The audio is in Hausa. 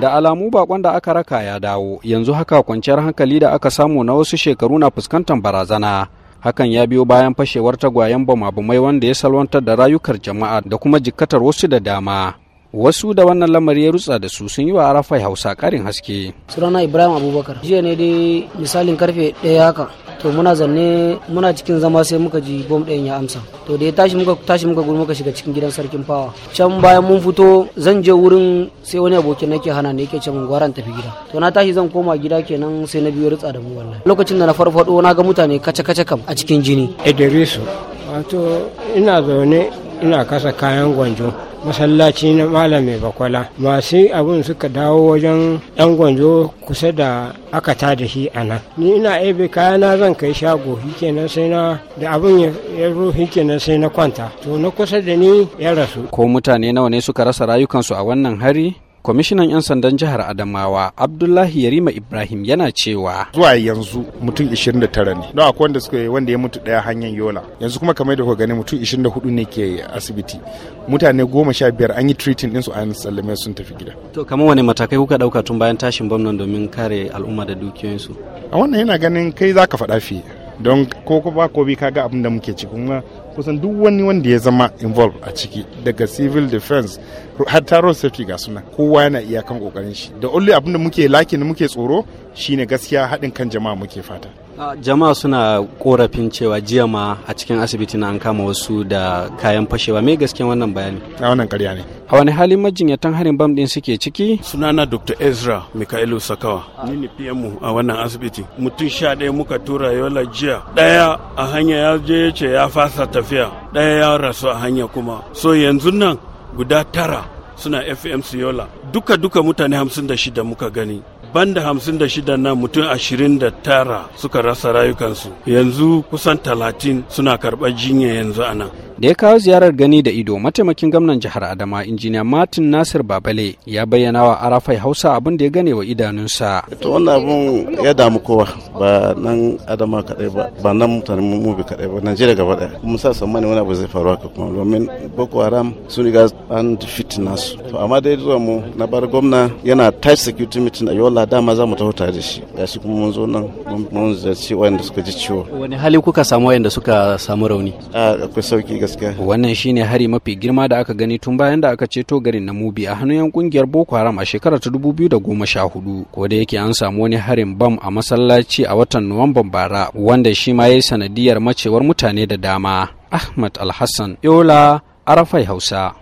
da alamu bakon da aka raka ya dawo yanzu haka kwanciyar hankali da aka samu na wasu shekaru na fuskantar barazana hakan ya biyo bayan fashewar tagwayen bama-bamai wanda ya salwantar da rayukar jama'a da kuma jikkatar wasu da dama wasu da wannan lamari ya rutsa da su sun yi wa arafai hausa karin haske sunana ibrahim abubakar jiya ne dai misalin karfe daya haka to muna zanne muna cikin zama sai muka ji bom ɗayan ya amsa to da ya tashi muka tashi muka gudu muka shiga cikin gidan sarkin fawa can bayan mun fito zan je wurin sai wani abokin nake hana ne yake ce mun gwaran tafi gida to na tashi zan koma gida kenan sai na biyo rutsa da mu wallahi lokacin da na farfado na ga mutane kace kace kam a cikin jini idrisu wato ina zaune ina kasa kayan gwanjo masallaci na malam bakwala masu abin suka dawo wajen yan gwanjo kusa da aka ta da shi a nan ni ina ebe kayana zan kai shago shikenan sai na da abin ya zo shikenan sai na kwanta to na kusa da ni ya rasu ko mutane nawa ne suka rasa rayukansu a wannan hari kwamishinan 'yan sandan jihar adamawa abdullahi yarima ibrahim yana cewa zuwa yanzu mutum 29 ne don akwai wanda suka wanda ya mutu daya hanyar yola yanzu kuma kamar da kuka gani mutum 24 ne ke asibiti mutane goma sha biyar an yi treating ɗinsu an sallame sun tafi gida to kamar wani matakai kuka ɗauka tun bayan tashin bam domin kare al'umma da dukiyoyinsu a wannan yana ganin kai zaka faɗa fiye don ko ba ko bi kaga abin da muke ci. kuma kusan duk wani wanda ya zama involve a ciki daga civil defense har road safety ga suna kowa yana iyakan kokarin shi da only abin da muke lakin muke tsoro shine gaskiya haɗin kan jama'a muke fata Ah, jama'a suna korafin cewa jiya ma a cikin asibiti na an kama wasu da kayan fashewa mai gaskiyan wannan bayani a wannan karya ne a wani halin majinyatan harin bam din suke ciki sunana dr ezra mikaelu sakawa ni ne pm a wannan asibiti mutum sha ɗaya muka tura yola jiya ɗaya a hanya ya je ya ce ya fasa tafiya ɗaya ya rasu a hanya kuma so yanzu nan guda tara suna fmc yola duka duka mutane hamsin da shida muka gani banda hamsin da shida nan mutum ashirin da tara suka rasa rayukansu yanzu kusan talatin suna karɓar jinya yanzu a nan da ya kawo ziyarar gani da ido mataimakin gwamnan jihar adama injiniya martin nasir babale ya bayyana wa arafai hausa abin da ya gane wa idanunsa to wannan abin ya damu kowa ba nan adama kadai ba ba nan mutanen mubi kadai ba najeriya gaba daya kuma sa tsammani wani abu zai faru haka kuma domin boko haram sun riga an fitina nasu to amma dai zuwa mu na bar gwamna yana tight security meeting a yola dama za mu ta tare da shi shi kuma mun zo nan mun ziyarci wayanda suka ji ciwo wani hali kuka samu wayanda suka samu rauni a ah, akwai sauki gaskiya wannan shine hari mafi girma da aka gani tun bayan da aka ceto garin na mubi a hannun yan kungiyar boko haram a shekarar ta 2014 ko da yake an samu wani harin bam a masallaci a watan nuwamban bara wanda shi ma yayi sanadiyar macewar mutane da dama ahmad alhassan yola arafai hausa